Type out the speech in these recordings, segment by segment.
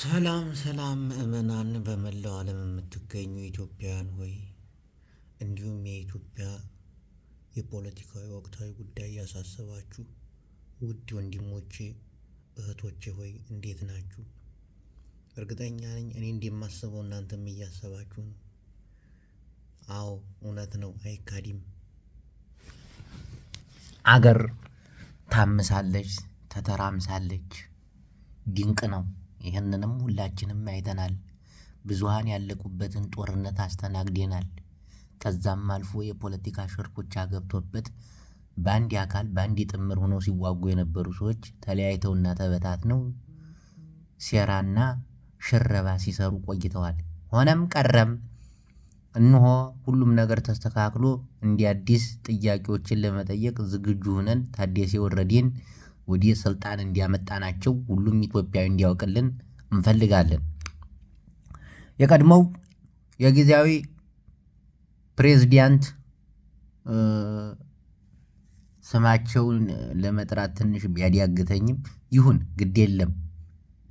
ሰላም ሰላም ምእመናን በመላው ዓለም የምትገኙ ኢትዮጵያውያን ሆይ እንዲሁም የኢትዮጵያ የፖለቲካዊ ወቅታዊ ጉዳይ ያሳሰባችሁ ውድ ወንድሞቼ እህቶቼ ሆይ እንዴት ናችሁ? እርግጠኛ ነኝ እኔ እንደማስበው እናንተም እያሰባችሁ ነው። አዎ እውነት ነው፣ አይካዲም። አገር ታምሳለች፣ ተተራምሳለች። ድንቅ ነው። ይህንንም ሁላችንም አይተናል። ብዙሃን ያለቁበትን ጦርነት አስተናግደናል። ከዛም አልፎ የፖለቲካ ሽርኩቻ ገብቶበት በአንድ አካል በአንድ ጥምር ሆነው ሲዋጉ የነበሩ ሰዎች ተለያይተውና ተበታትነው ሴራና ሽረባ ሲሰሩ ቆይተዋል። ሆነም ቀረም እንሆ ሁሉም ነገር ተስተካክሎ እንዲህ አዲስ ጥያቄዎችን ለመጠየቅ ዝግጁ ሆነን ታደሰ ወረዴን ወዲህ ስልጣን እንዲያመጣናቸው ሁሉም ኢትዮጵያዊ እንዲያውቅልን እንፈልጋለን። የቀድሞው የጊዜያዊ ፕሬዝዳንት ስማቸውን ለመጥራት ትንሽ ቢያዳግተኝም ይሁን ግድ የለም።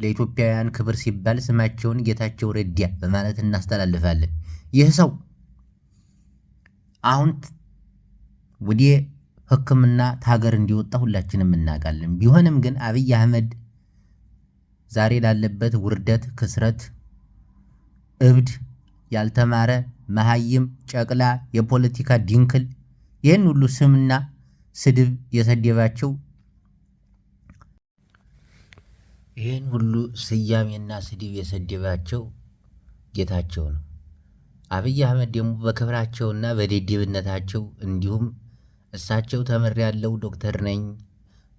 ለኢትዮጵያውያን ክብር ሲባል ስማቸውን ጌታቸው ረዳ በማለት እናስተላልፋለን። ይህ ሰው አሁን ወዲህ ሕክምና ታገር እንዲወጣ ሁላችንም እናውቃለን። ቢሆንም ግን አብይ አህመድ ዛሬ ላለበት ውርደት፣ ክስረት፣ እብድ፣ ያልተማረ መሃይም፣ ጨቅላ፣ የፖለቲካ ድንክል ይህን ሁሉ ስምና ስድብ የሰደባቸው ይህን ሁሉ ስያሜና ስድብ የሰደባቸው ጌታቸው ነው። አብይ አህመድ ደግሞ በክብራቸውና በደደብነታቸው እንዲሁም እሳቸው ያለው ዶክተር ነኝ፣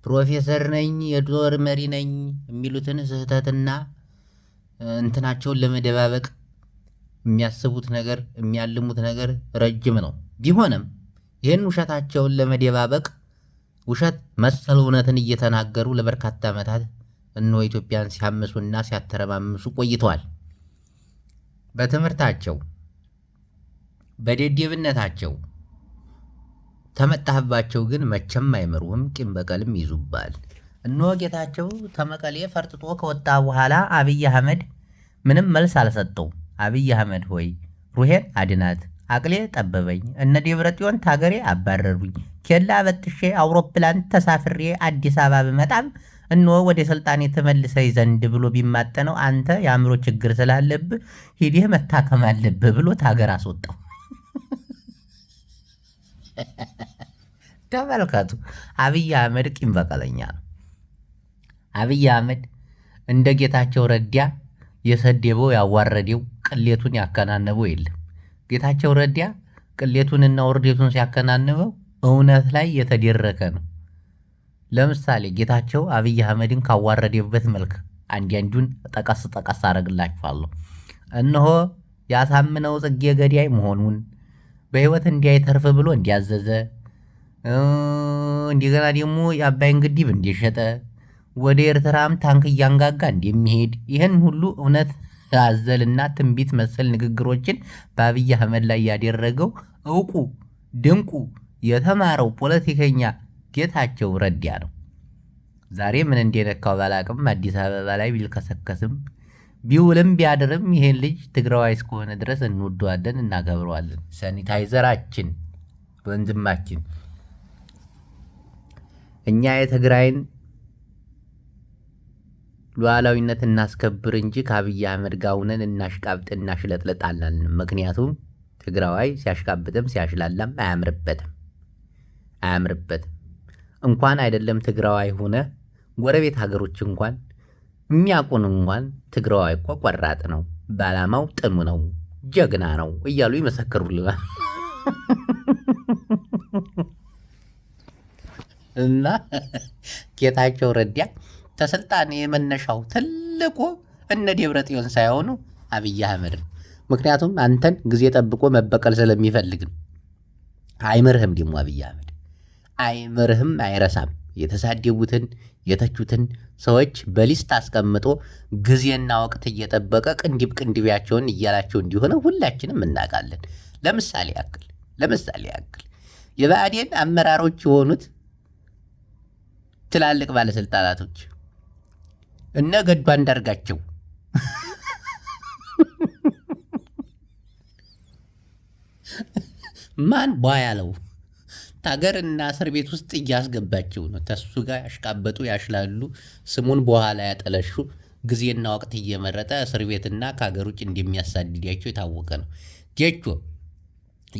ፕሮፌሰር ነኝ፣ የዶር መሪ ነኝ የሚሉትን ስህተትና እንትናቸውን ለመደባበቅ የሚያስቡት ነገር የሚያልሙት ነገር ረጅም ነው። ቢሆንም ይህን ውሸታቸውን ለመደባበቅ ውሸት መሰል እውነትን እየተናገሩ ለበርካታ ዓመታት እነሆ ኢትዮጵያን ሲያምሱና ሲያተረማምሱ ቆይተዋል። በትምህርታቸው፣ በደደብነታቸው ተመጣህባቸው ግን መቼም አይምሩህም፣ ቂም በቀልም ይዙባል። እነሆ ጌታቸው ተመቀሌ ፈርጥጦ ከወጣ በኋላ አብይ አህመድ ምንም መልስ አልሰጠውም። አብይ አህመድ ሆይ ሩሄን አድናት፣ አቅሌ ጠበበኝ፣ እነ ደብረ ታገሬ አባረሩኝ፣ ኬላ በጥሼ አውሮፕላን ተሳፍሬ አዲስ አበባ ብመጣም እነሆ ወደ ስልጣን የተመልሰኝ ዘንድ ብሎ ቢማጠነው አንተ የአእምሮ ችግር ስላለብ ሂዲህ መታከም አለብህ ብሎ ታገር አስወጣው። ተመልከቱ። አብይ አህመድ ቂም በቀለኛ ነው። አብይ አህመድ እንደ ጌታቸው ረዳ የሰደበው ያዋረደው ቅሌቱን ያከናነበው የለም። ጌታቸው ረዳ ቅሌቱንና ውርደቱን ሲያከናንበው እውነት ላይ የተደረከ ነው። ለምሳሌ ጌታቸው አብይ አህመድን ካዋረደበት መልክ አንዳንዱን ጠቀስ ጠቀስ አደርግላችኋለሁ። እነሆ ያሳምነው ጽጌ ገዳይ መሆኑን በሕይወት እንዲያይተርፍ ብሎ እንዲያዘዘ እንደገና ደግሞ የአባይን ግድብ እንደሸጠ ወደ ኤርትራም ታንክ እያንጋጋ እንደሚሄድ ይህን ሁሉ እውነት አዘልና ትንቢት መሰል ንግግሮችን በአብይ አህመድ ላይ ያደረገው እውቁ ድንቁ የተማረው ፖለቲከኛ ጌታቸው ረዳ ነው። ዛሬ ምን እንደነካው ባላቅም አዲስ አበባ ላይ ቢልከሰከስም ቢውልም ቢያድርም ይህን ልጅ ትግራዋይ እስከሆነ ድረስ እንወደዋለን፣ እናከብረዋለን። ሳኒታይዘራችን ወንድማችን እኛ የትግራይን ሉዓላዊነት እናስከብር እንጂ ከአብይ አህመድ ጋውነን እናሽቃብጥ እናሽለጥለጥ አላልንም። ምክንያቱም ትግራዋይ ሲያሽቃብጥም ሲያሽላላም አያምርበትም አያምርበትም። እንኳን አይደለም ትግራዋይ ሆነ ጎረቤት ሀገሮች እንኳን የሚያውቁን እንኳን ትግራዋይ እኮ ቆራጥ ነው፣ በዓላማው ጥኑ ነው፣ ጀግና ነው እያሉ ይመሰክሩልናል። እና ጌታቸው ረዳ ከስልጣን የመነሻው ትልቁ እነ ደብረጽዮን ሳይሆኑ አብይ አህመድ ነው። ምክንያቱም አንተን ጊዜ ጠብቆ መበቀል ስለሚፈልግ ነው። አይምርህም ደግሞ አብይ አህመድ አይምርህም፣ አይረሳም። የተሳደቡትን የተቹትን ሰዎች በሊስት አስቀምጦ ጊዜና ወቅት እየጠበቀ ቅንድብ ቅንዲቢያቸውን እያላቸው እንዲሆነ ሁላችንም እናውቃለን። ለምሳሌ ያክል ለምሳሌ ያክል የብአዴን አመራሮች የሆኑት ትላልቅ ባለስልጣናቶች እነ ገዱ አንዳርጋቸው ማን ቧ ያለው ታገርና እስር ቤት ውስጥ እያስገባቸው ነው። ተሱ ጋር ያሽቃበጡ ያሽላሉ፣ ስሙን በኋላ ያጠለሹ፣ ጊዜና ወቅት እየመረጠ እስር ቤትና ከሀገር ውጭ እንደሚያሳድዳቸው የታወቀ ነው ጌቾ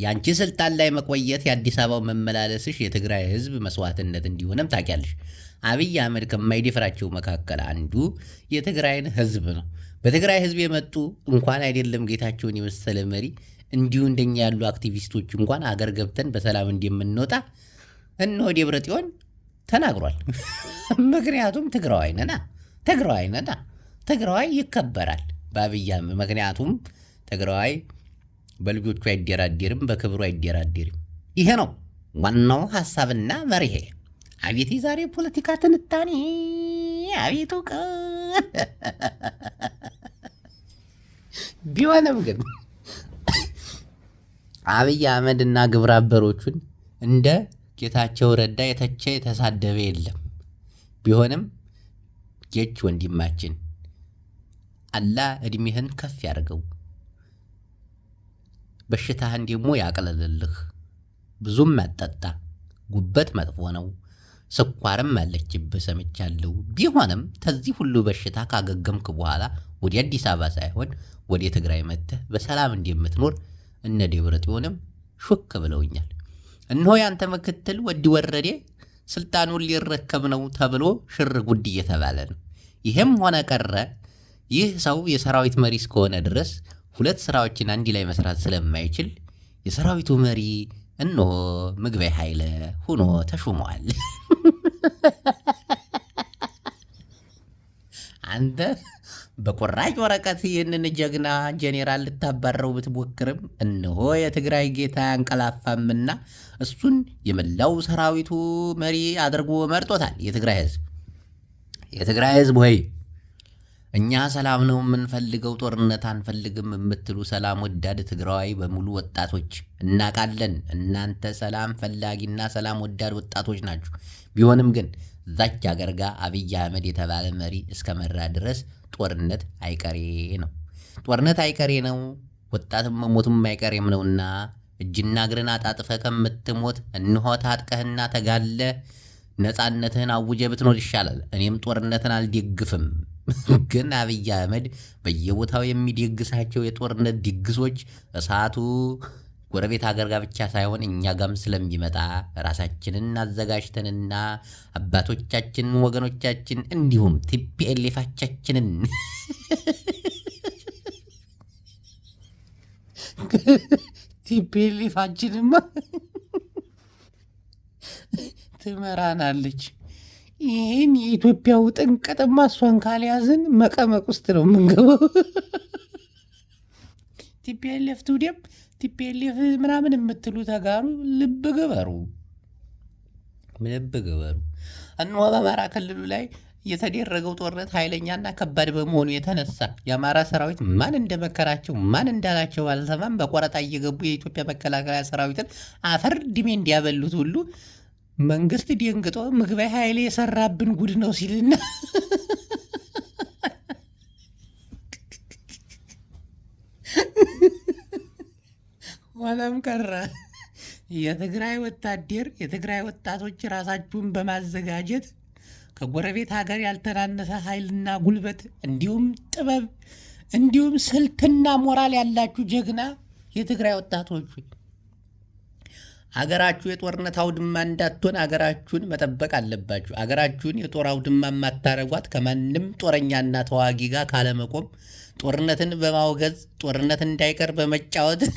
ያንቺ ስልጣን ላይ መቆየት የአዲስ አበባው መመላለስሽ የትግራይ ህዝብ መስዋዕትነት እንዲሆነም ታውቂያለሽ። አብይ አህመድ ከማይደፍራቸው መካከል አንዱ የትግራይን ህዝብ ነው። በትግራይ ህዝብ የመጡ እንኳን አይደለም ጌታቸውን የመሰለ መሪ እንዲሁ እንደኛ ያሉ አክቲቪስቶች እንኳን አገር ገብተን በሰላም እንደምንወጣ እነሆ ደብረ ጽዮን ተናግሯል። ምክንያቱም ትግራዋይ ነና ትግራዋይ ነና ትግራዋይ ይከበራል በአብይ አህመድ ምክንያቱም ትግራዋይ በልጆቹ አይደራደርም፣ በክብሩ አይደራደርም። ይሄ ነው ዋናው ሀሳብና መርሄ። አቤት የዛሬ ፖለቲካ ትንታኔ! አቤት እውቀት! ቢሆንም ግን አብይ አህመድና ግብረ አበሮቹን እንደ ጌታቸው ረዳ የተቸ የተሳደበ የለም። ቢሆንም ጌች ወንድማችን አላህ እድሜህን ከፍ ያደርገው በሽታህን ደግሞ ያቅልልልህ። ብዙም አጠጣ፣ ጉበት መጥፎ ነው፣ ስኳርም አለችብህ ሰምቻለሁ። ቢሆንም ከዚህ ሁሉ በሽታ ካገገምክ በኋላ ወደ አዲስ አበባ ሳይሆን ወደ ትግራይ መጥተህ በሰላም እንደምትኖር እነ ደብረ ጽዮንም ሹክ ብለውኛል። እነሆ ያንተ ምክትል ወዲ ወረዴ ስልጣኑን ሊረከብ ነው ተብሎ ሽር ጉድ እየተባለ ነው። ይህም ሆነ ቀረ ይህ ሰው የሰራዊት መሪ እስከሆነ ድረስ ሁለት ስራዎችን አንድ ላይ መስራት ስለማይችል የሰራዊቱ መሪ እነሆ ምግበይ ኃይለ ሆኖ ተሹሟል። አንተ በቁራጭ ወረቀት ይህንን ጀግና ጄኔራል ልታባረው ብትሞክርም እነሆ የትግራይ ጌታ ያንቀላፋምና እሱን የመላው ሰራዊቱ መሪ አድርጎ መርጦታል። የትግራይ ህዝብ የትግራይ ህዝብ ወይ እኛ ሰላም ነው የምንፈልገው፣ ጦርነት አንፈልግም የምትሉ ሰላም ወዳድ ትግራዋይ በሙሉ ወጣቶች እናቃለን። እናንተ ሰላም ፈላጊና ሰላም ወዳድ ወጣቶች ናችሁ። ቢሆንም ግን እዛች አገር ጋር አብይ አህመድ የተባለ መሪ እስከመራ ድረስ ጦርነት አይቀሬ ነው። ጦርነት አይቀሬ ነው፣ ወጣትም መሞትም አይቀሬም ነውና እጅና እግርን አጣጥፈ ከምትሞት እንሆ ታጥቀህና ተጋለ ነፃነትህን አውጀ ብትኖር ይሻላል። እኔም ጦርነትን አልደግፍም፣ ግን አብይ አህመድ በየቦታው የሚደግሳቸው የጦርነት ድግሶች እሳቱ ጎረቤት ሀገር ጋር ብቻ ሳይሆን እኛ ጋም ስለሚመጣ ራሳችንን አዘጋጅተንና አባቶቻችን ወገኖቻችን እንዲሁም ቲፒኤልፋቻችንን ቲፒኤልፋችንማ ትመራናለች። ይህን የኢትዮጵያ ውጥንቅጥማ እሷን ካልያዝን መቀመቅ ውስጥ ነው የምንገባው። ቲፒኤልኤፍ ትውደም ቲፒኤልኤፍ ምናምን የምትሉ ተጋሩ፣ ልብ ግበሩ፣ ልብ ግበሩ። እንሆ በአማራ ክልሉ ላይ የተደረገው ጦርነት ኃይለኛና ከባድ በመሆኑ የተነሳ የአማራ ሰራዊት ማን እንደመከራቸው ማን እንዳላቸው ባልሰማም በቆረጣ እየገቡ የኢትዮጵያ መከላከያ ሰራዊትን አፈር ድሜ እንዲያበሉት ሁሉ መንግስት ደንግጦ ምግበ ኃይሌ የሰራብን ጉድ ነው ሲልና ኋላም ቀረ። የትግራይ ወታደር የትግራይ ወጣቶች ራሳችሁን በማዘጋጀት ከጎረቤት ሀገር ያልተናነሰ ኃይልና ጉልበት እንዲሁም ጥበብ እንዲሁም ስልትና ሞራል ያላችሁ ጀግና የትግራይ ወጣቶች አገራችሁ የጦርነት አውድማ እንዳትሆን አገራችሁን መጠበቅ አለባችሁ። አገራችሁን የጦር አውድማ የማታረጓት ከማንም ጦረኛና ተዋጊ ጋር ካለመቆም ጦርነትን በማውገዝ ጦርነት እንዳይቀር በመጫወት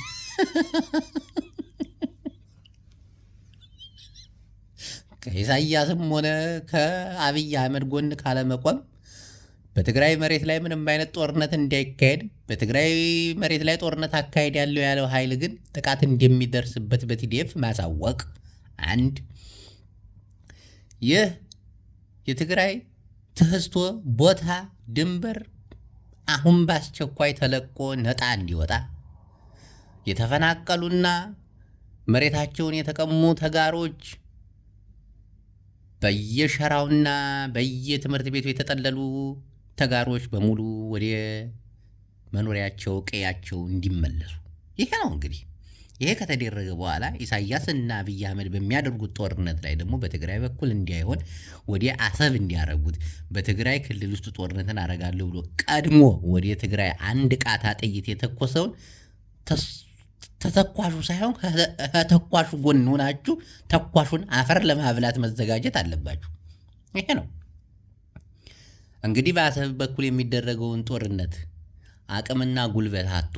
ከኢሳያስም ሆነ ከአብይ አህመድ ጎን ካለመቆም በትግራይ መሬት ላይ ምንም አይነት ጦርነት እንዳይካሄድ በትግራይ መሬት ላይ ጦርነት አካሄድ ያለው ያለው ኃይል ግን ጥቃት እንደሚደርስበት በቲዲኤፍ ማሳወቅ አንድ ይህ የትግራይ ትህስቶ ቦታ ድንበር አሁን በአስቸኳይ ተለቆ ነጣ እንዲወጣ የተፈናቀሉና መሬታቸውን የተቀሙ ተጋሮች በየሸራውና በየትምህርት ቤቱ የተጠለሉ ተጋሮች በሙሉ ወደ መኖሪያቸው ቀያቸው እንዲመለሱ ይሄ ነው እንግዲህ። ይሄ ከተደረገ በኋላ ኢሳያስ እና አብይ አህመድ በሚያደርጉት ጦርነት ላይ ደግሞ በትግራይ በኩል እንዳይሆን ወደ አሰብ እንዲያደርጉት በትግራይ ክልል ውስጥ ጦርነትን አደርጋለሁ ብሎ ቀድሞ ወደ ትግራይ አንድ ቃታ ጥይት የተኮሰውን ተተኳሹ ሳይሆን ከተኳሹ ጎን ሆናችሁ ተኳሹን አፈር ለማብላት መዘጋጀት አለባችሁ። ይሄ ነው። እንግዲህ በአሰብ በኩል የሚደረገውን ጦርነት አቅምና ጉልበት አቶ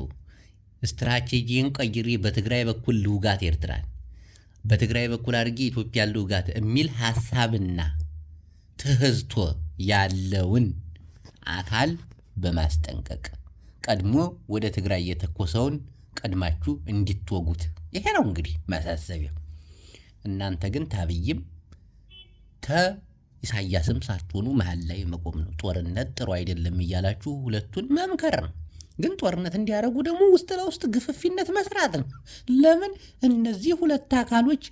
ስትራቴጂን ቀይሬ በትግራይ በኩል ልውጋት ኤርትራን፣ በትግራይ በኩል አድርጊ ኢትዮጵያ ልውጋት የሚል ሀሳብና ትህዝቶ ያለውን አካል በማስጠንቀቅ ቀድሞ ወደ ትግራይ የተኮሰውን ቀድማችሁ እንዲትወጉት ይሄ ነው እንግዲህ ማሳሰቢያ። እናንተ ግን ታብይም ተ ኢሳያስም ሳትሆኑ መሀል ላይ መቆም ነው። ጦርነት ጥሩ አይደለም እያላችሁ ሁለቱን መምከር ነው። ግን ጦርነት እንዲያደርጉ ደግሞ ውስጥ ለውስጥ ግፍፊነት መስራት ነው። ለምን እነዚህ ሁለት አካሎች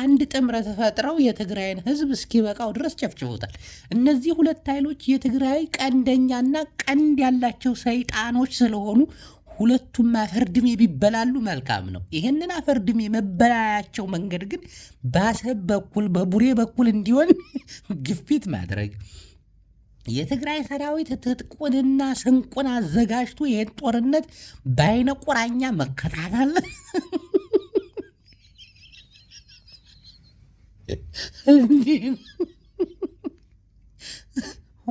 አንድ ጥምረት ፈጥረው የትግራይን ሕዝብ እስኪበቃው ድረስ ጨፍጭፉታል። እነዚህ ሁለት ኃይሎች የትግራይ ቀንደኛና ቀንድ ያላቸው ሰይጣኖች ስለሆኑ ሁለቱም አፈርድሜ ቢበላሉ መልካም ነው። ይህንን አፈርድሜ መበላያቸው መንገድ ግን በአሰብ በኩል በቡሬ በኩል እንዲሆን ግፊት ማድረግ የትግራይ ሰራዊት ትጥቁንና ስንቁን አዘጋጅቶ ይህን ጦርነት በአይነ ቁራኛ መከታተል እንዲህ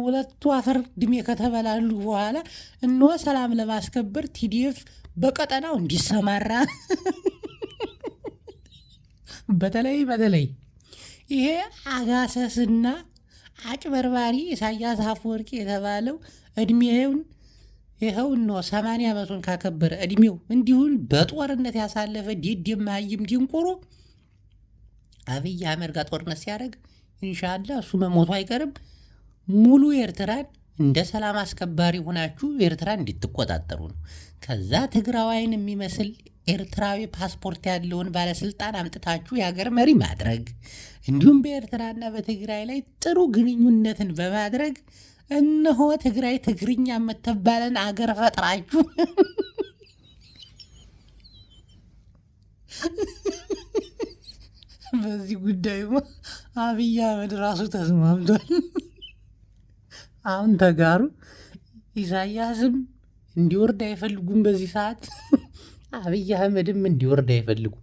ሁለቱ አፈር ድሜ ከተበላሉ በኋላ እንሆ ሰላም ለማስከበር ቲዲኤፍ በቀጠናው እንዲሰማራ በተለይ በተለይ ይሄ አጋሰስና አጭበርባሪ ኢሳያስ አፈወርቂ የተባለው እድሜውን ይኸው እንሆ ሰማንያ ዓመቱን ካከበረ እድሜው እንዲሁን በጦርነት ያሳለፈ ዴድ የማይም ዲንቁሩ አብይ አህመድ ጋር ጦርነት ሲያደርግ ኢንሻላህ እሱ መሞቱ አይቀርም። ሙሉ ኤርትራን እንደ ሰላም አስከባሪ ሆናችሁ ኤርትራ እንድትቆጣጠሩ ነው። ከዛ ትግራዋይን የሚመስል ኤርትራዊ ፓስፖርት ያለውን ባለስልጣን አምጥታችሁ የሀገር መሪ ማድረግ፣ እንዲሁም በኤርትራና በትግራይ ላይ ጥሩ ግንኙነትን በማድረግ እነሆ ትግራይ ትግርኛ የምትባለን አገር ፈጥራችሁ በዚህ ጉዳይ አብይ አህመድ ራሱ ተስማምቷል። አሁን ተጋሩ ኢሳያስም እንዲወርድ አይፈልጉም። በዚህ ሰዓት አብይ አህመድም እንዲወርድ አይፈልጉም።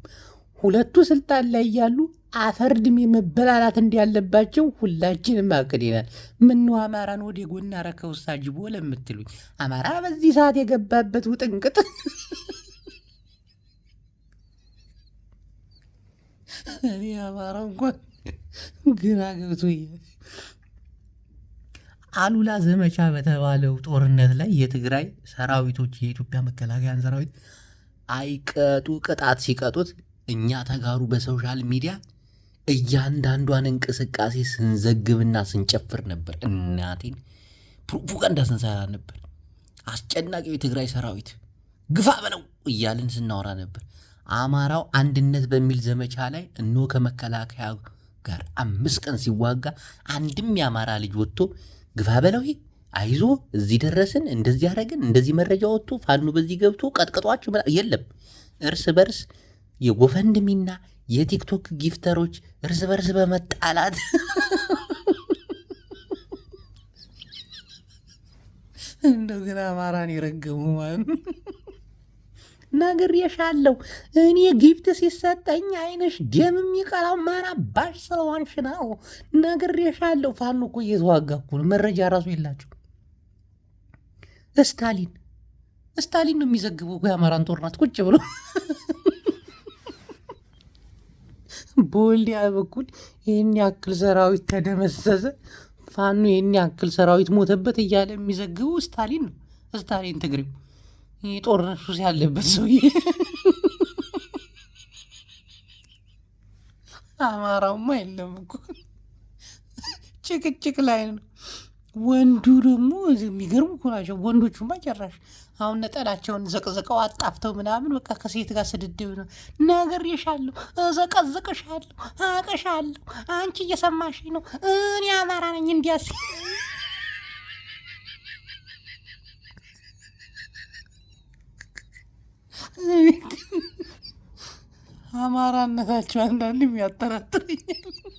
ሁለቱ ስልጣን ላይ ያሉ አፈርድም የመበላላት እንዳለባቸው ሁላችንም አቅደናል። ምነው አማራን ወደ ጎን አረከው ሳጅቦ ለምትሉኝ አማራ በዚህ ሰዓት የገባበት ውጥንቅጥ እኔ አማራ እንኳን ግራ ገብቶኛል። አሉላ ዘመቻ በተባለው ጦርነት ላይ የትግራይ ሰራዊቶች የኢትዮጵያ መከላከያን ሰራዊት አይቀጡ ቅጣት ሲቀጡት እኛ ተጋሩ በሶሻል ሚዲያ እያንዳንዷን እንቅስቃሴ ስንዘግብና ስንጨፍር ነበር። እናቴን ፕሮፓጋንዳ ስንሰራ ነበር። አስጨናቂው የትግራይ ሰራዊት ግፋ በለው እያልን ስናወራ ነበር። አማራው አንድነት በሚል ዘመቻ ላይ እኖ ከመከላከያ ጋር አምስት ቀን ሲዋጋ አንድም የአማራ ልጅ ወጥቶ ግፋ በለው አይዞ እዚህ ደረስን፣ እንደዚህ አረግን እንደዚህ መረጃ ወጥቶ ፋኑ በዚህ ገብቶ ቀጥቅጧቸው የለም። እርስ በርስ የጎፈንድሚና የቲክቶክ ጊፍተሮች እርስ በርስ በመጣላት እንደው ግን አማራን የረገሙ ማለት ነግሬሻለሁ። እኔ ጊፍት ሲሰጠኝ አይንሽ ደም የሚቀላው ማና ባሽ ስለሆንሽ ነው። ነግሬሻለሁ። ፋኖ እኮ እየተዋጋኩ መረጃ ራሱ የላቸው። ስታሊን ስታሊን ነው የሚዘግበው የአማራን ጦርናት ቁጭ ብሎ በወልዲያ በኩል ይህን ያክል ሰራዊት ተደመሰሰ፣ ፋኖ ይህን ያክል ሰራዊት ሞተበት እያለ የሚዘግበው ስታሊን ነው። ስታሊን ትግሬው የጦርነት ሱስ ያለበት ሰውዬ አማራውማ የለም እኮ ጭቅጭቅ ላይ ነው። ወንዱ ደግሞ የሚገርሙ እኮ ናቸው ወንዶቹማ ጨራሽ አሁን ነጠላቸውን ዘቅዘቀው አጣፍተው ምናምን በቃ ከሴት ጋር ስድድብ ነው። ነግሬሻለሁ፣ እዘቀዝቅሻለሁ፣ አቅሻለሁ፣ አንቺ እየሰማሽ ነው፣ እኔ አማራ ነኝ እንዲያስ አማራነታቸው አንዳንድ የሚያጠራጥርኛል። የሚያጠራጥረኛል።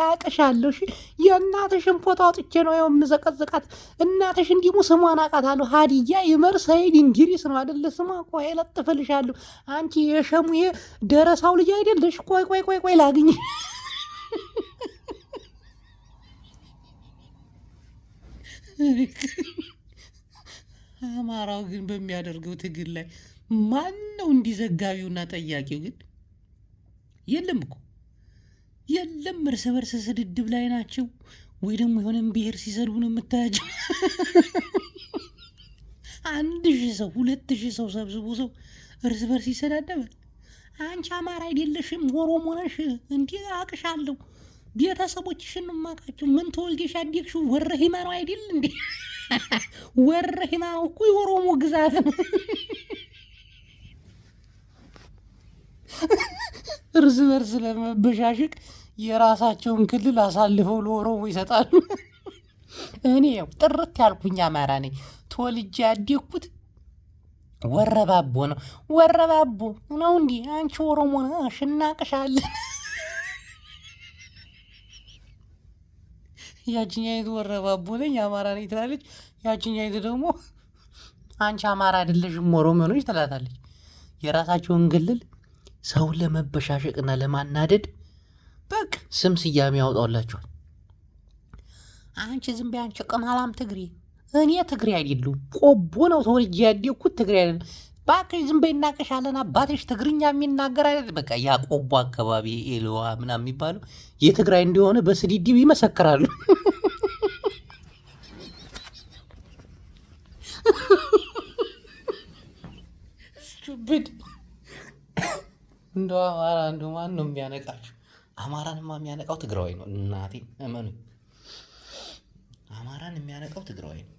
ያቅሻለሁ የእናትሽን ፎቶ አውጥቼ ነው የው የምዘቀዝቃት። እናትሽ እንዲሙ ስሟን አውቃታለሁ። ሀዲያ ይመር ሰይድ እንድሪስ ነው አደለ ስሟ? ቆይ ለጥፍልሻለሁ። አንቺ የሸሙዬ ደረሳው ልጅ አይደለሽ? ቆይ ቆይ ቆይ ቆይ ላግኝ አማራው ግን በሚያደርገው ትግል ላይ ማን ነው እንዲዘጋቢውና ጠያቂው? ግን የለም እኮ የለም። እርስ በርስ ስድድብ ላይ ናቸው፣ ወይ ደግሞ የሆነን ብሔር ሲሰድቡ ነው የምታያቸው። አንድ ሺህ ሰው ሁለት ሺህ ሰው ሰብስቦ ሰው እርስ በርስ ይሰዳደባል። አንቺ አማራ አይደለሽም ኦሮሞ ነሽ፣ እንዲህ አቅሻለሁ ቤተሰቦችሽን ማቃቸው ምን ተወልጌሽ አደግሽው ወረ ሂማ ነው አይደል እንዴ? ወረ እኮ የኦሮሞ ግዛት ነው። እርስ በርስ ለመበሻሸቅ የራሳቸውን ክልል አሳልፈው ለኦሮሞ ይሰጣሉ። እኔ ያው ጥርት ያልኩኝ አማራ ነኝ። ተወልጄ ያደግኩት ወረባቦ ነው። ወረባቦ ነው እንዲህ አንቺ ኦሮሞ ነሽ እናቅሻለን። ያችኛይቱ ወረባቦ ነኝ አማራ ነኝ ትላለች። ያችኛይቱ ደግሞ አንቺ አማራ አይደለሽም ኦሮሞ ነሽ ትላታለች። የራሳቸውን ግልል ሰው ለመበሻሸቅና ለማናደድ በቅ ስም ስያሜ ያወጣላቸዋል። አንቺ ዝም በይ አንቺ ቅማላም ትግሬ። እኔ ትግሬ አይደሉም ቆቦ ነው ተወልጄ ያደኩት ትግሬ አይደለም። በአካሽ ዝም በይ እናቀሻለን። አባትሽ ትግርኛ የሚናገር አይነት በቃ ያቆቦ አካባቢ ኤልዋ ምና የሚባሉ የትግራይ እንደሆነ በስዲዲብ ይመሰክራሉ። ስቱፒድ እንደ አማራ እንደ ማን ነው የሚያነቃችሁ? አማራንማ የሚያነቃው ትግራዊ ነው። እናቴ እመኑ፣ አማራን የሚያነቃው ትግራዊ ነው።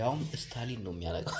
ያውም ስታሊን ነው የሚያነቃው።